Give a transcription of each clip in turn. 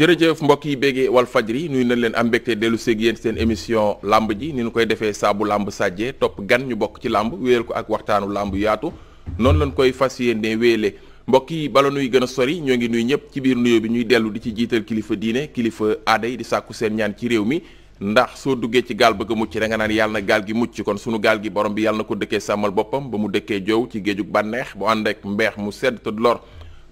jërëjëf mbokk yi béggee wal fajri nuyu nañ leen am mbégte dellu seeg yéen seen émission làmb ji ni nu koy defee saabu làmb sàjjee topp gan ñu bokk ci làmb wéyal ko ak waxtaanu lamb yaatu noonu lañ koy fas yéene wéyale mbokk yi bala nuy gën a sori ñoo ngi nuy ñëpp ci biir nuyoo bi ñuy dellu di ci jiital kilifa diine kilifa aada yi di sàkku seen ñaan ci réew mi ndax soo duggee ci gaal bëgg a mucc da naan yàlla na gaal gi mucc kon sunu gaal gi borom bi yàlla na ko dëkkee sàmmal boppam ba dëkkee jow ci géejug bànneex bu ànd mbeex mu sedd te lor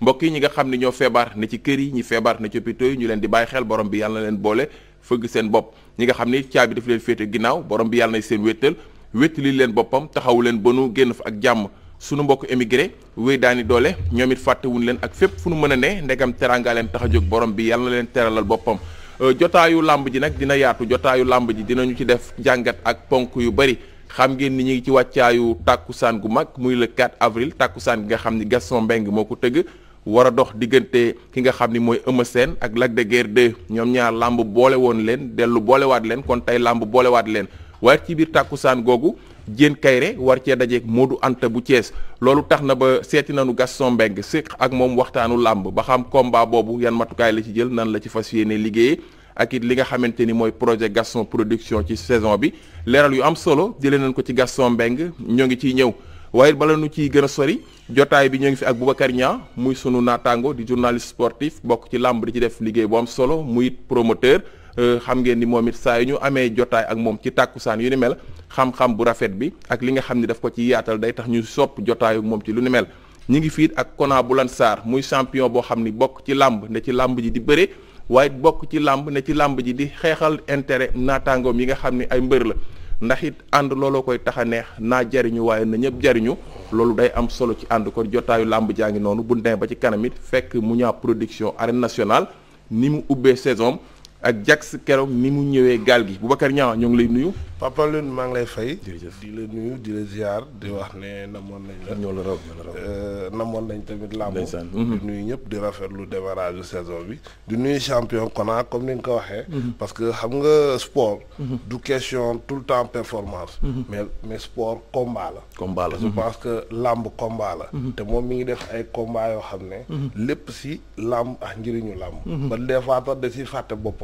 mbokk yi ñi nga xam ne ñoo feebar ne ci kër yi ñi feebar ne ci yi ñu leen di bàyyi xel borom bi yàlla na leen boole fëgg seen bopp ñi nga xam ni caabi daf leen féete ginnaaw borom bi yàlla na seen wéttal wéttali leen boppam taxawu leen ba nu génn fa ak jàmm sunu mbokk émigré wéy daani doole ñoom it fàttewuñ leen ak fépp fu nu mën a ne ndegam teraanga leen tax a jóg borom bi yàlla na leen teralal boppam euh, jotaayu làmb ji nag dina yaatu jotaayu làmb ji dinañu ci def jàngat ak ponk yu bari xam ngeen ni ñu ngi ci wàccaayu tàkkusaan gu mag muy le 4 avril tàkkusaan gi nga xam ni Gaston Mbengue moo ko tëgg war a dox diggante ki nga xam ni mooy Eumeu seen ak Lac de ñoom ñaar làmb boole woon leen dellu boolewaat leen kon tey làmb boolewaat leen waaye ci biir tàkkusaan googu Diène Kaïré war cee dajeeg Modou Anta bu Thiès loolu tax na ba seeti nañu Gaston Mbengue séq ak moom waxtaanu làmb ba xam combat boobu yan matukaay la ci jël nan la ci fas yéene liggéeyee ak it li nga xamante ni mooy projet Gaston production ci saison bi leeral yu am solo jëlee nañ ko ci Gaston Mbengue ñoo ngi ciy ñëw. waaye bala nu ciy gën a sori jotaay bi ñoo ngi fi ak Boubacar Niang muy sunu naataango di journaliste sportif bokk ci làmb di ci def liggéey bu am solo muy promoteur euh, xam ngeen ni moom it saa yu ñu amee jotaay ak moom ci tàkku saan yu ni mel xam-xam bu rafet bi ak li nga xam ni daf ko ci yaatal day tax ñu sopp jotaayu moom ci lu ni mel ñu ngi fiit ak Kona lan Sarr muy champion boo xam ni bokk ci làmb ne ci làmb ji di bëre waaye bokk ci làmb ne ci làmb ji di xeexal intérêt naataangoom yi nga xam ni ay mbër la ndax it ànd looloo koy tax a neex naa jariñu waaye na ñëpp jariñu loolu day am solo ci ànd ko jotaayu làmb jaa ngi noonu bu demee ba ci kanam it fekk mu ñaa production arène national ni mu ubbee saison ak Jax keroog ni mu ñëwee gaal gi Boubacar a ñoo ngi lay nuyu. Papa Lune maa ngi lay fay. jërëjëf di la nuyu di la ziar di wax ne namoon nañ la. ñoo la raw euh, namoon nañ tamit làmb. di mhm. nuyu ñëpp di rafetlu démarrage saison bi. di nuyu champion Kona comme ni nga ko waxee. Mhm. parce que xam nga sport. Mhm. du question tout le temps performance. mais mais sport combat la. combat la je pense que làmb combat la. te moom mi ngi def ay combat yoo xam ne. lépp si làmb ak njëriñu làmb. ba des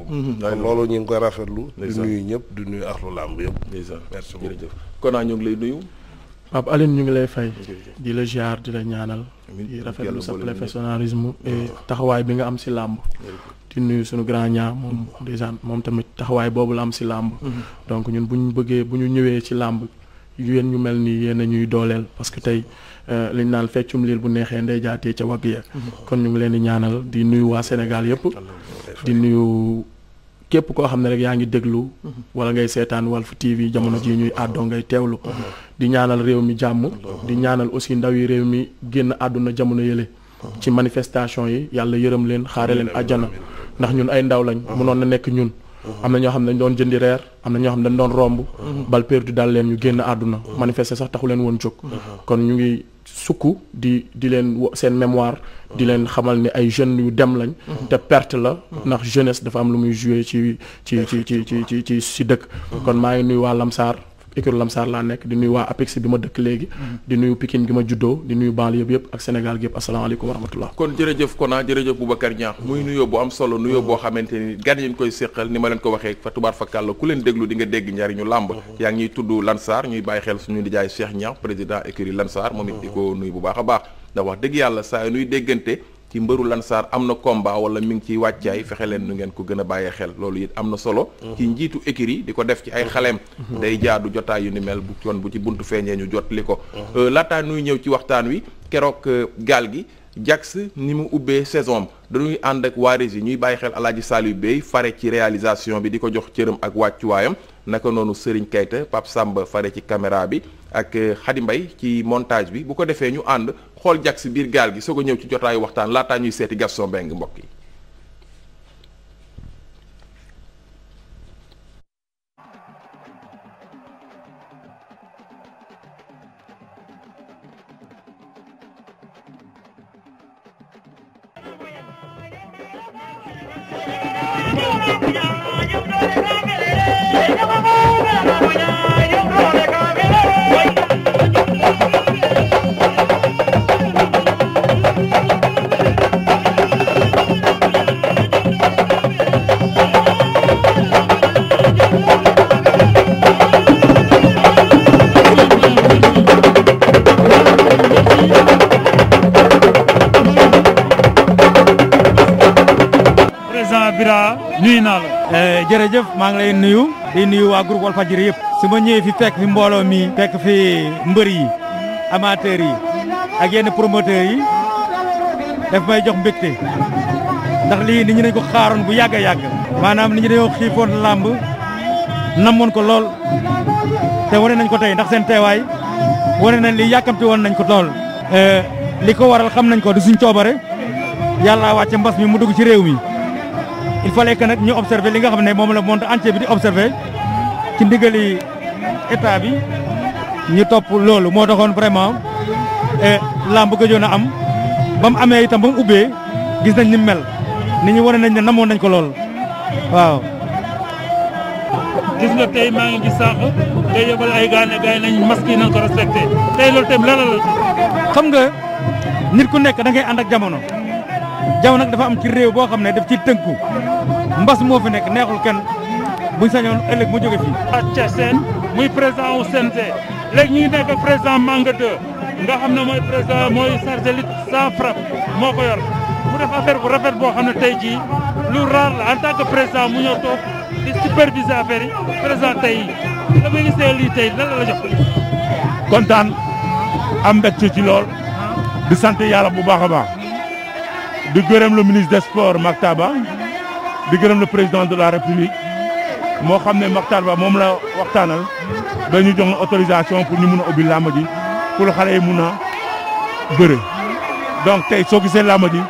Mhm. kon loolu ñu ngi koy rafetlu di nuyu ñëpp di nuyu axlu làmb yëpp merci beaucoup jërëjëf kon naa ñu ngi lay nuyu Pape Aline ñu ngi lay fay di la ziar di la ñaanal di rafetlu sa professionnalisme et ah. taxawaay bi nga am si làmb di nuyu suñu grand ñaa moom mm-hmm. moom tamit taxawaay boobu la am si làmb mm-hmm. donc ñun bu ñu bëggee bu ñu ñëwee ci làmb yéen ñu mel nii yéen a ñuy dooleel parce que tey euh, liñ naan feccum liir bu neexee ndey jaatee ca wagg ya mm-hmm. kon ñu ngi leen di ñaanal di nuyu waa Sénégal yëpp di nuyu képp koo xam ne rek yaa ngi déglu mhm. wala ngay seetaan Walf TV jamono ji ñuy àddoo ngay teewlu mhm. di ñaanal réew mi jàmm di ñaanal aussi ndaw yi réew mi génn àdduna jamono yële mhm. ci manifestation yi yàlla yërëm leen xaare leen àjjana ndax ñun ay ndaw lañ mënoon na nekk ñun am na ñoo xam ne dañ doon jëndi reer am na ñoo xam ne dañ doon romb bal perdu daal leen ñu génn àdduna manifester sax taxu leen woon jóg kon ñu ngi sukk di di leen seen mémoire di leen xamal ne ay jeunes yu dem lañ mhm. te perte la mhm. ndax jeunesse dafa am lu muy joué ci ci ci ci ci ci ci dëkk mhm. kon maa ngi nuyu waa Lamsaar écurie Lamsaar laa nekk di nuyu waa APEX bi ma dëkk léegi. Mm-hmm. di nuyu Pikine gi ma juddoo di nuyu banlieue yëpp yëpp ak Sénégal gi yëpp asalaamaaleykum wa rahmatullah. kon jërëjëf Kona jërëjëf Boubacar Niang muy nuyoo bu am solo nuyoo boo xamante ni gan yi ñu koy séqal ni ma leen ko waxee fa tubaar fa kàll ku leen déglu di nga dégg njariñu làmb mm-hmm. yaa ngi ñuy tudd Lansar ñuy bàyyi xel su suñu nijaay Cheikh Niang président écurie Lansar moom it di ko nuyu bu baax a baax ndax wax dëgg yàlla saa nuy déggante ci mbëru lansaar am na combat wala mi ngi ciy wàccaay fexe leen nu ngeen ko gën a bàyyee xel loolu it am na solo mm-hmm. ci njiitu écurie di ko def ci ay xaleem mm-hmm. day jaadu jotaay yu ni mel bu kon bu ci buntu feeñee ñu jot li ko mm-hmm. euh, laataa nuy ñëw ci waxtaan wi keroog euh, gaal gi Jax ni mu ubbee saison dañuy ànd ak waaris yi ñuy bàyyi xel alaaji saalu Bey fare ci réalisation bi di ko jox cëram ak wàccuwaayam naka noonu Serigne Kayta Pape sàmba fare ci caméra bi ak Xadi euh, Mbay ci montage bi bu ñu ànd xool jag si biir gaal gi soog a ñëw ci jotaayu waxtaan laataa ñuy seeti Gaston Mbengue mbokk yi Soxna Bira nuyu la. Eh, jërëjëf maa ngi lay nuyu di nuyu waa groupe Walfadjri yëpp su ma ñëwee fi fekk fi mbooloo mi fekk fi mbër yi amateurs yi ak yenn promoteurs yi daf may jox mbégte ndax lii nit ñi dañ ko xaaroon bu yàgg a yàgg. maanaam nit ñi dañoo xiifoon làmb namoon ko lool te wane nañ ko tey ndax seen teewaay wone nañ li yàkkamti woon nañ ko lool. Eh, li ko waral xam nañ ko du suñ coobare yàlla wàcce mbas mi mu dugg ci réew mi. il fallait que nag ñu observer li nga xam ne moom la monde entier bi di observer ci ndigali état bi ñu topp loolu moo taxoon vraiment eh, làmb gëjoon a am ba amee itam ba mu gis nañ ni mel nit ñi wane nañ ne namoon nañ ko lool waaw. gis nga tey maa ngi gis sànq day yebal ay gaane gaay nañ masque ko respecté tey loolu tamit xam nga nit ku nekk da ngay ànd jamono. jaww nag dafa am ci réew boo xam ne daf ci tënku mbas moo fi nekk neexul kenn buñ sañoon ëllëg mu jóge fii. Athia muy président wu CNG léegi ñu ngi nekk président Manga 2 nga xam ne mooy président mooy chargé lutte sans frappe moo ko yor mu def affaire bu rafet boo xam ne tey jii lu rare la en tant que président mu ñëw toog di superviser affaire yi président tey yi da ngay gisee lii tey la la jox. kontaan am mbégte ci lool di sant yàlla bu baax di gërëm le ministre de sports Makhtar Ba di gërëm le président de la république moo xam ne Makhtar Ba moom la waxtaanal ba ñu jox autorisation pour ñu mun a ubbi làmb ji pour xale yi mun a bëre donc tey soo gisee làmb ji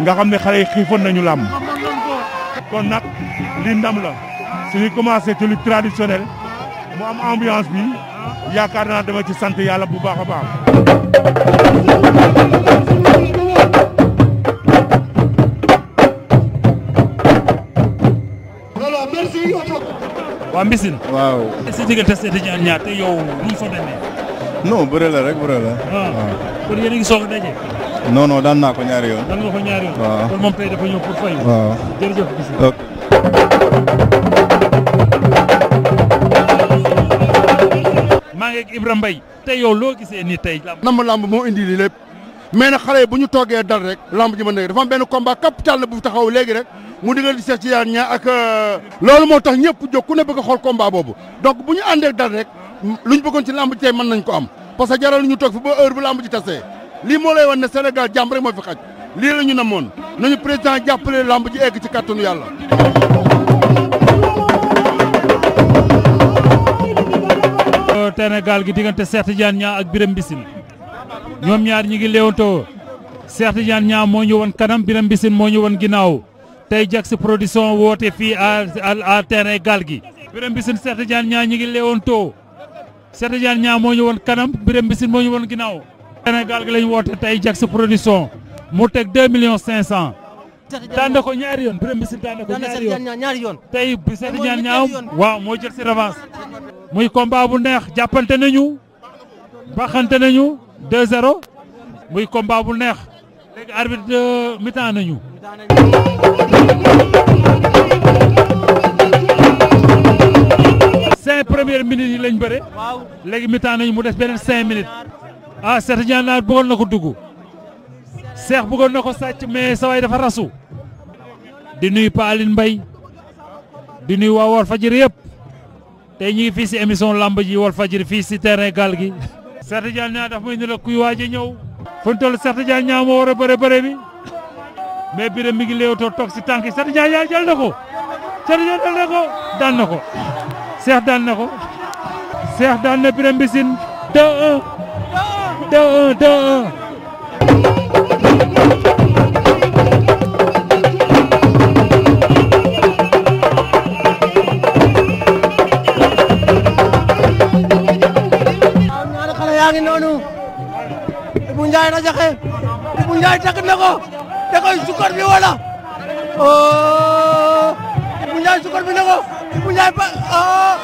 nga xam ne xale yi xiifoon nañu làmb kon nag li ndam la suñu commencé ci lutte traditionnelle mu am ambiance bi yaakaar naa dama ci sant yàlla bu baax a baax waa Mbissine. waaw sa diggante seeti ñaar ñaar te yow luñ fa demee. non rek bëre la. Ah. waaw a ngi soog a daje. non naa ko ñaari yoon. maa ngi ak Ibrahima Mbaye tey yow loo gisee nii tey. lamb lamb moo indi lii lépp mais xale yi bu ñu toogee dal rek lamb ji mën na dafa benn combat capital na bu taxaw léegi rek. mu diggante Cheikh yaan ñaa ak euh, loolu moo tax ñëpp jóg ku ne bëgg a xool combat boobu donc bu ñu àndee dal rek ñu bëggoon ci làmb tey mën nañ ko am parce que jaral ñu toog fi ba heure bu làmb ji tasee lii moo lay wan ne senegal jàmm moo fi xaj lii la ñu na namoon nañu président jàppale làmb ji egg ci kàttanu yàlla. Sénégal gi diggante Cheikh Tidiane Niang ak Birame Mbissine ñoom ñaar ñi ngi léewantoo Cheikh Tidiane Niang moo ñu won kanam Birame Mbissine moo ñu ginnaaw. tey Jax production woote fii à terrain gaal gi Birame Mbissine Cheikh Tidiane Niang ñi ngi leewoon too Cheikh Tidiane Niang moo ñu woon kanam Birame Mbissine moo ñu woon ginnaaw terrain gaal gi lañ woote tey Jax production mu teg 2 millions 500. daan na ko ñaari yoon Birame Mbissine daan na ko ñaari yoon tey bi Cheikh Tidiane Niang waaw moo jël si revanche muy combat bu neex jàppante nañu baxante nañu 2-0 muy combat bu neex léegi arbitre euh, mi-temps nañu. cinq lañ bëre. léegi mi-temps nañu mu des beneen cinq minutes. ah Cheikh Tidiane Naar na ko dugg. Cheikh bëggoon na ko sàcc mais sa waay dafa rasu. di nuy Pa mbay di nuyu waa Walfadjri yëpp. tey ñu ngi fii si émission lamb ji Walfadjri fii si terrain gaal gi. Cheikh Tidiane dafa may ni la kuy waaj a ñëw. fu ñu toll Cheikh Tidiane Niang moo bi mais Birame mi ngi léewtoo toog si tànk yi Cheikh Tidiane na ko Cheikh Tidiane jël na ko daan na ko Cheikh daan na ko Cheikh daan na Birame Mbissine 2-1 2-1 Ibou Ndiaye rajaxe Ibou Ndiaye takk na ko da koy sukar bi wala oh Ibou Ndiaye sukar bi na ko Ibou Ndiaye ba oh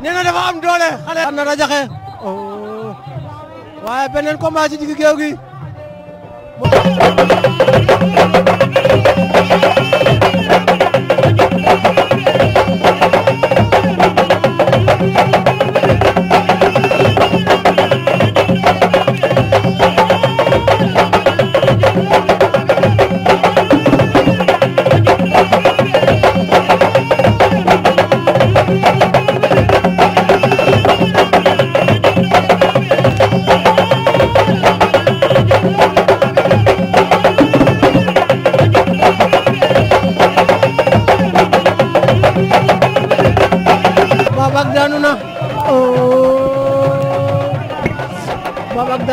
nee na dafa am doole xale rajaxe waaye beneen combat ci digg géew gi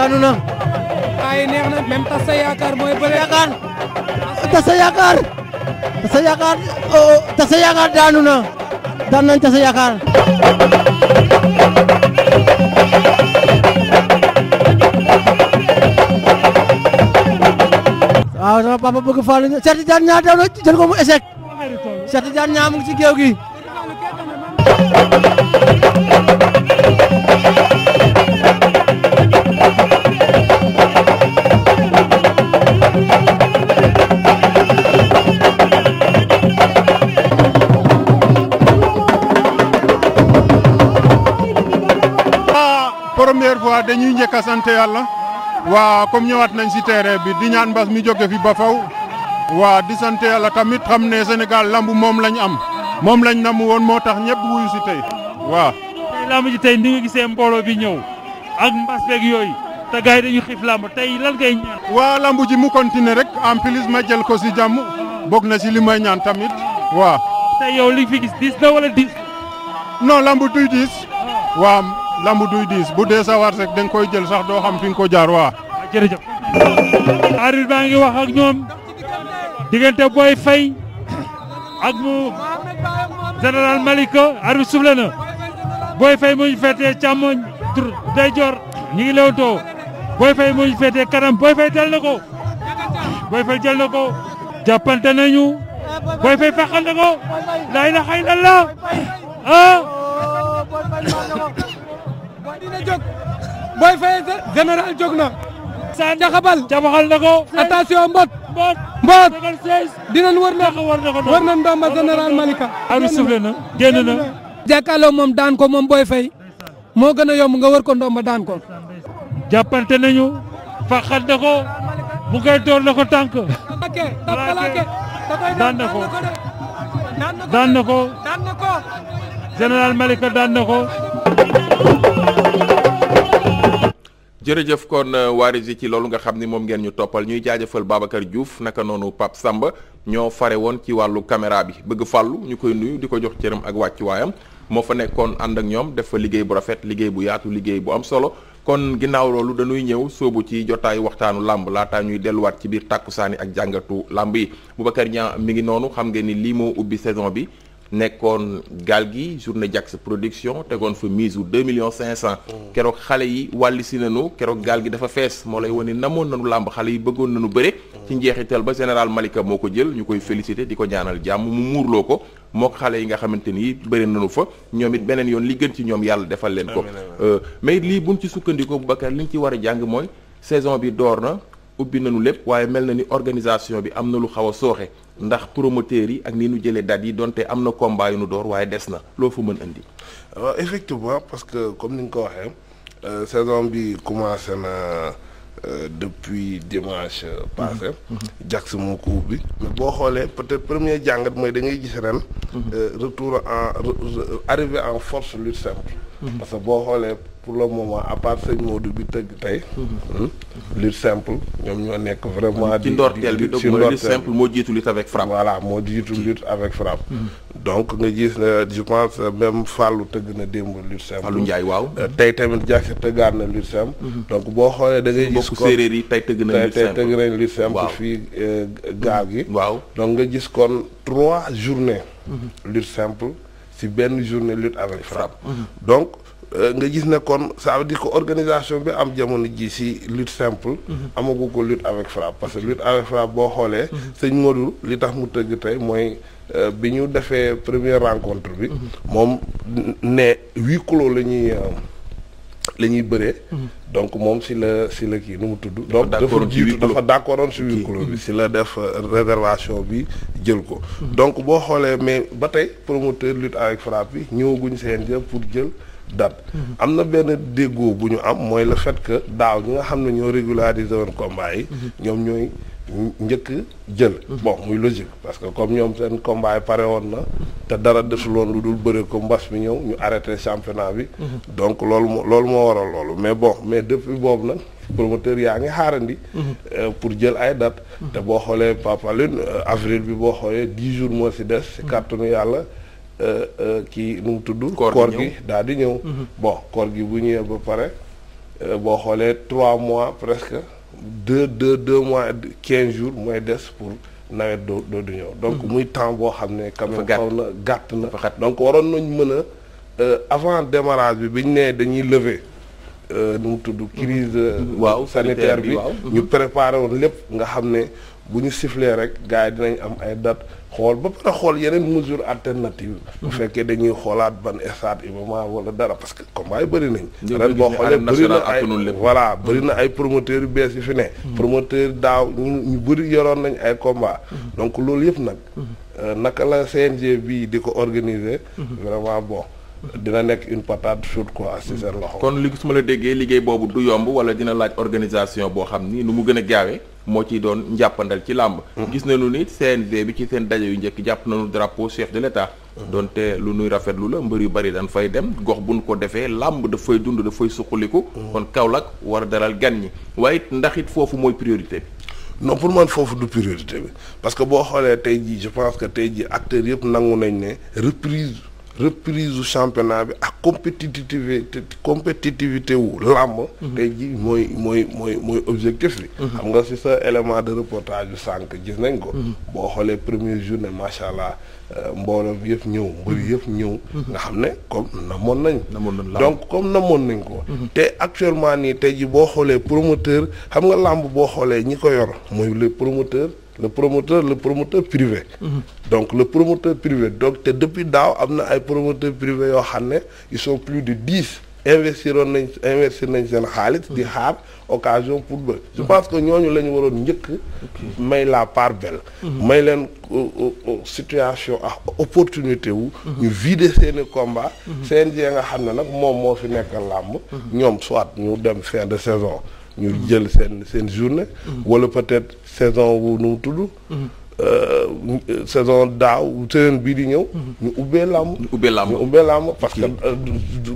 daanu na. ay neex na même tas sa mooy bëre. yaakaar tas sa yaakaar tas sa yaakaar oh, oh, tas sa yaakaar daanu na daan nañ tas sa yaakaar. waaw ah, sama papa bëgg Fallou Ndiaye Cheikh Tidiane Niang daw na jël ko mu échec Cheikh Tidiane ci géew gi. dañuy njëkk a sant yàlla waa comme ñëwaat nañ si terrain bi di ñaan mbas mi jóge fi ba faw waa di sant yàlla tamit xam ne Sénégal lamb moom lañ am moom lañ namu woon moo tax ñëpp wuyu si tey waaw. tey lamb ji tey ni nga gisee mbooloo bi ñëw ak mbas beeg yooyu te gars yi dañu xiif lamb tey lan ngay ñaan. waa lamb ji mu continuer rek en ma jël ko si jàmm bokk na si li may ñaan tamit waaw. tey yow li fi gis 10 la wala 10. non lamb duy 10. Ah. waaw. lamb duy diis bu dee sa war rek koy jël sax doo xam fi nga ko jaar waa. waaw jërëjëf. baa ngi wax ak ñoom diggante Boy Faye ak mu général Malika arbitre soufflé na Boy Faye mu ñu féetee day jor ñu ngi lewtoo Boy fay mu ñu kanam booy Faye dal na ko Boy Faye jël na ko jàppante nañu Boy Faye fàqal na ko la ilaha illallah ah! dina jóg booy fay général jóg na. sa daxabal jabaxal na ko. attention mbot. mbot mbot. dinañ war na war na ndomba général Malika. Abi soufflé na génn na. jàkkaarloo moom daan ko moom booy fay moo gën a yomb nga war ko ndomba daan ko. jàppante nañu faxat na ko bu koy door ko tànk. daan na ko daan na ko daan na daan na ko. jërëjëf kon euh, waarisi ci loolu nga xam ni moom ngeen ñu toppal ñuy jaajëfal Babacar Diouf naka noonu Pape Samba ñoo fare woon ci wàllu caméra bi bëgg fàllu ñu koy nuyu di ko jox cëram ak wàccuwaayam moo fa nekkoon ànd ak ñoom def fa liggéey bu rafet liggéey bu yaatu liggéey bu am solo kon ginnaaw loolu dañuy ñëw soobu ci jotaayu waxtaanu làmb laataa ñuy delluwaat ci biir tàkku tàkkusaani ak jàngatu làmb yi Boubacar Niang mi ngi noonu xam ngeen ni lii moo ubbi saison bi nekkoon gaal gi journée sa production tegoon fa mise u deux millions cinq cent keroog xale yi wàlli si nanu keroog gaal gi dafa fees moo lay wane namoon nanu làmb xale yi bëggoon nanu bëre mm. ci njeexital ba général Malika moo ko jël ñu koy félicité di ko ñaanal jàmm mu muurloo ko mook xale yi nga xamante ni bëri nanu fa ñoom it beneen yoon li gën ci ñoom yàlla defal leen ko euh, mais lii buñ ci sukkandikoo bu bakar li ñu ci war a jàng mooy saison bi door na ubbi nanu lépp waaye mel na ni organisation bi am na lu xaw a sooxe ndax promoteurs yi ak ni nu jëlee dates yi donte am na combat nu door waaye des na loo fa mën indi. Euh, effectivement parce que comme ni nga ko waxee euh, saison bi commencé na euh, depuis dimanche passé. Mhm. Mhm. jax moo ko ubbi. mais boo xoolee peut-être premier jàngat mooy da ngay gis ren. Mhm. retour en arrivé en force lutte simple. parce que boo xoolee pour le moment à part sëñ Modou bi tëgg tey. Hmm, lutte simple ñoom ñoo nekk vraiment. di ci ndorteel bi donc moo jiitu lutte avec frappe. voilà moo jiitu lutte avec frappe. Hmm. donc nga gis ne je pense même Fallou tëgg na démb lutte simple. Fallou Ndiaye waaw. Euh, tey tamit Jackson tëggaat na lutte simple. Hmm. donc boo xoolee da ngay gis. séeréer yi tey tëgg nañ lutte simple tey tëgg fii euh, gaaw gi. donc nga gis kon trois journées. lutte simple. si benn journée lut avec frappe mhm. donc euh, nga gis ne kon ça veut que organisation bi am jamono ji si lutte simple mhm. amagu ko lutte avec frappe parce que lut avec frappe boo xoolee mhm. sëñ Modou li tax mu tëgg tey mooy euh, bi ñu defee premier rencontre bi moom ne huis clos la ñuy euh, la ñuy bëree. Mhm. donc moom si la si la kii nu mu tudd. donc dafa jiitu dafa d'accordoon si huis clos bi mhm. si la def euh, réservation bi jël ko. Mhm. donc boo xoolee mais ba tey promoteur lutte avec frappe bi ñëwaguñ seen CNG pour jël date. am na benn déggoo bu ñu am mooy le fait que daaw ñi nga xam ne ñoo régulariser woon combat yi. ñoom ñooy. njëkk jël mhm. bon muy logique parce que comme ñoom seen combat yi pare woon na te dara desuloon lu dul bëre ko mbas mi ñëw ñu arrêté championnat bi mhm. donc loolu moo loolu moo waral loolu mais bon mais depuis boobu nag promoteur yaa ngi xaarandi mhm. euh, pour jël ay date te boo xoolee papalune euh, avril bi boo xoolee dix jours moo si des si kàttanu yàlla euh, kii nu mu tudd koor gi daal di ñëw bon koor gi bu ñëwee ba pare boo xoolee trois mois presque deux deux deux mois quinze jours mooy des pour nawet doo doo du ñëw. donc mm-hmm. muy temps boo xam ne. quand même na gàtt na. donc waroon nañ mën a euh, avant démarrage bi bi ñu nee dañuy lever. Euh, nu mu tudd mm-hmm. crise euh, mm-hmm. waaw sanitaire bi ñu préparé woon lépp nga xam ne bu ñu siffler rek gars yi dinañ am ay date xool ba pare xool yeneen mesure alternative bu fekkee dañuy xoolaat ban stade Iba wala dara parce que combat yi bëri nañ ren boo xoolee bëri na ay voilà mm. bëri na ay promoteurs yu bees yu fi ne mm. promoteur daaw ñu bëri yoroon nañ ay combat mm. donc loolu yëpp nag euh, naka la CNG bii di ko organiser vraiment bon dina nekk une patate chaude quoi si seen loxo kon li su ma la déggee liggéey boobu du yomb wala dina laaj organisation boo xam ni nu mu gën a gaawee moo ciy doon njàppandal ci làmb mm-hmm. gis na nañu ni CNG bi ci seen daje yu njëkk jàpp nañu drapeau chef de l'État mm-hmm. donte lu nuy rafetlu la mbër yu bari dañ fay dem gox bu buñ ko defee làmb dafay dund daf fay suqaliku mm-hmm. kon Kaolack war a dalal gan ñi waaye it ndax it foofu mooy priorité bi non pour man foofu du priorité bi parce que boo xoolee tey jii je pense que tey jii acteur yëpp nangu nañ ne reprise reprise u championnat bi ak compétitivité compétitivité wu làmb mhm. tey ji mooy mooy mooy mooy objectif bi mhm. xam nga si sa élément de reportage bu sànq gis nañ ko mhm. boo xoolee première journée macha allah euh, mbooloo bi yëpp ñëw mbëri yëpp ñëw nga xam ne comme namoon nañ donc comme namoon nañ ko te actuellement nii tey ji boo xoolee promoteur xam nga làmb boo xoolee ñi ko yor mooy les promoteurs le promoteur le promoteur privé. donc le promoteur privé donc te depuis daaw am na ay promoteurs privés yoo xam ne ils sont plus de dix. investiroon nañ investir nañ seen xaalis. di xaar occasion pour ba. je pense que ñooñu la ñu waroon njëkk. may la par belle. may leen euh, euh, euh, situation ak opportunité wu. ñu vider seen i combat. Mhm. CNG nga xam ne nag moom moo fi nekk làmb. Mhm. ñoom soit ñu dem fin de saison. ñu jël seen seen journée. Mm-hmm. wala peut-être saison wu nu mu tudd. Mm-hmm. Euh, saison daaw seen bii di ñëw. Mm-hmm. ñu ubbee làmb. ñu ubbee làmb ñu parce que euh,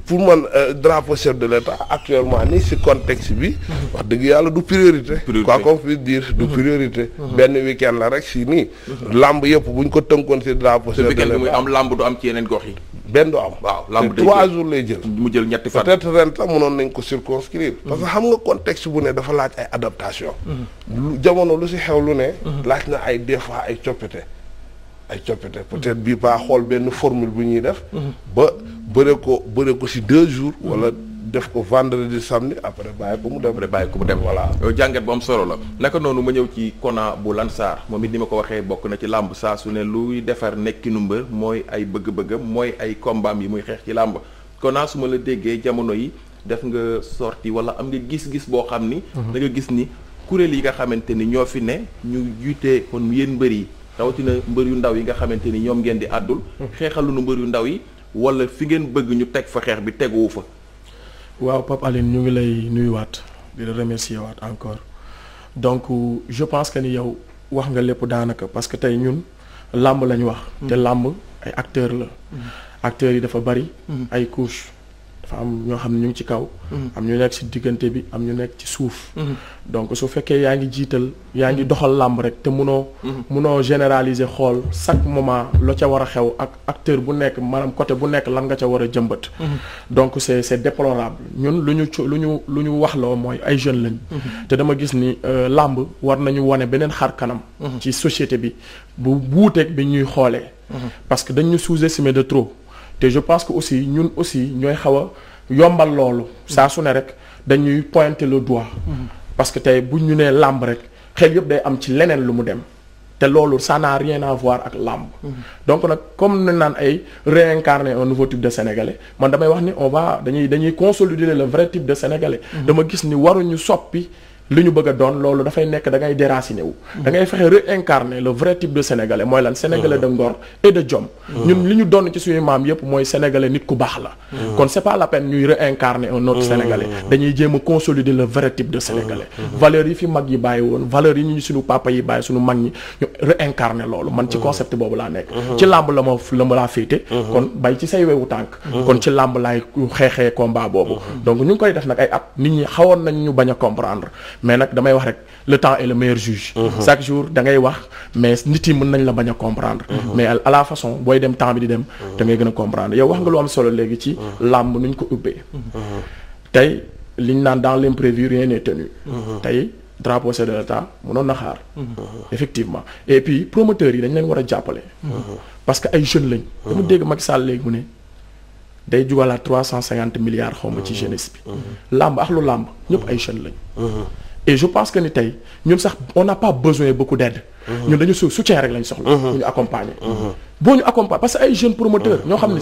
pour man euh, drapeau chef de l'État actuellement ni si contexte bi. wax dëgg yàlla du priorité. quoi qu'on puisse dire du priorité. benn week-end la rek si nii. làmb yëpp bu ñu ko tënkoon si drapeau chef de l'État. bi muy am làmb du am ci yeneen gox yi. benn du am. waaw lamb day trois jours lay jël. mu jël ñetti fan peut-être ren sax mënoon nañ ko circonscrire. Mm-hmm. parce que xam nga contexte bu ne dafa laaj ay adaptation. Mm-hmm. lu jamono lu si xew lu ne. Mm-hmm. laaj na ay des fois ay coppite. ay coppite peut-être bii xool benn formule bu ñuy def. ba bëre ko bëre ko si deux jours wala. def ko vendredi samedi après bàyyi ko mu def après bàyyi ko mu dem voilà. jàngat bu am solo la naka noonu ma ñëw ci kona bu Lansar moom it ni ma ko waxee bokk na ci làmb saa su ne luy defar nekkinu mbër mooy ay bëgg-bëggam mooy ay kombaam yi muy xeex ci làmb kona su ma la déggee jamono yi def nga sorti wala am nga gis-gis boo xam ni. Mhm. danga gis ni kuréel yi nga xamante ni ñoo fi ne ñu jiitee kon yéen mbër yi rawatina mbër yu ndaw yi nga xamante ni ñoom ngeen di àddul. Mhm. xeexaluñu mbër yu ndaw yi wala fi ngeen bëgg ñu teg fa xeex bi teguwu fa. waaw Pape Aline ñu ngi lay nuyuwaat di la remercier waat encore donc je pense que ni yow wax nga lépp daanaka parce que tey ñun làmb lañ wax. Mm. te làmb ay acteurs la. Mm. acteurs yi dafa bari. Mm. ay couches. dafa am ñoo xam ne ñu ngi ci kaw. Mm-hmm. am ñu nekk ci diggante bi am ñu nekk ci suuf. Mm-hmm. donc su fekkee yaa ngi jiital yaa ngi mm-hmm. doxal làmb rek te munoo. munoo généraliser xool chaque moment la ca war a xew ak acteur bu nekk maanaam côté bu nekk lan nga ca war a jëmbat. donc c'est c'est déplorable ñun lu ñu lu ñu lu ñu wax loo mooy ay jeunes lañ. te dama gis ni euh, làmb war nañu wane beneen xar kanam. ci société bi bu wuuteeg bi ñuy xoolee. parce que dañ ñu sous-estimer de trop. te je pense que aussi ñun aussi ñooy xaw a yombal loolu saa su ne rek dañuy pointer le doigt parce que tey bu ñu nee làmb rek xel yëpp day am ci leneen lu mu dem te loolu ça n'a rien à ak làmb donc nag comme nañ naan ay réincarner un nouveau type de sénégalais man damay wax ni on va dañuy dañuy consolider le vrai type de sénégalais mm-hmm. dama gis ni waruñu soppi li ñu bëgg a loolu dafay nekk da ngay déraciné wu. Mm-hmm. da ngay fexe réincarner le vrai type de sénégalais mooy lan sénégalais de ngor et de jom. Mm-hmm. li ñu donn ci suñu maam yëpp mooy sénégale nit ku baax la. Mm-hmm. kon c'est pas la peine ñuy réincarner un dañuy jéem a consolider le vrai type de yi fi mag yi bàyyi woon valeurs yi ñu suñu papa yi bàyyi suñu mag ñi ñu loolu man ci concept boobu laa nekk. làmb la ma la ma laa féete. kon bay ci say wewu tànk. kon ci làmb laay xeexee combat boobu. donc ñu ngi koy def nag ay at nit ñi xawoon nañ ñu bañ a comprendre mais nag damay wax rek le temps est le meilleur juge mhm. chaque jour da ngay wax mais nit yi mën nañ la bañ a comprendre mhm. mais à la façon booy dem temps bi di dem mhm. dangay gën a comprendre yow wax nga lu am solo léegi ci làmb nuñ ko ubbee tey li ñu naan dans l'imprévu rien n'est tenu tey drapeau c'est de l'État mënoon na xaar effectivement et puis promoteurs yi dañ leen war a jàppale parce que ay jeunes lañ dama dégg Macky Sall léegi mu ne day jugalaat trois cent cinquante milliards xaw ma ci jeunesse bi làmb ak lu làmb ñëpp ay jeunes lañ et je pense que ni tey ñun sax on n'a pas besoin beaucoup d'aide mmh. ñun dañu su soutien rek lañ soxla. bu mmh. ñu accompagner. Mmh. boo ñu accompagner parce que ay ñoo xam ne.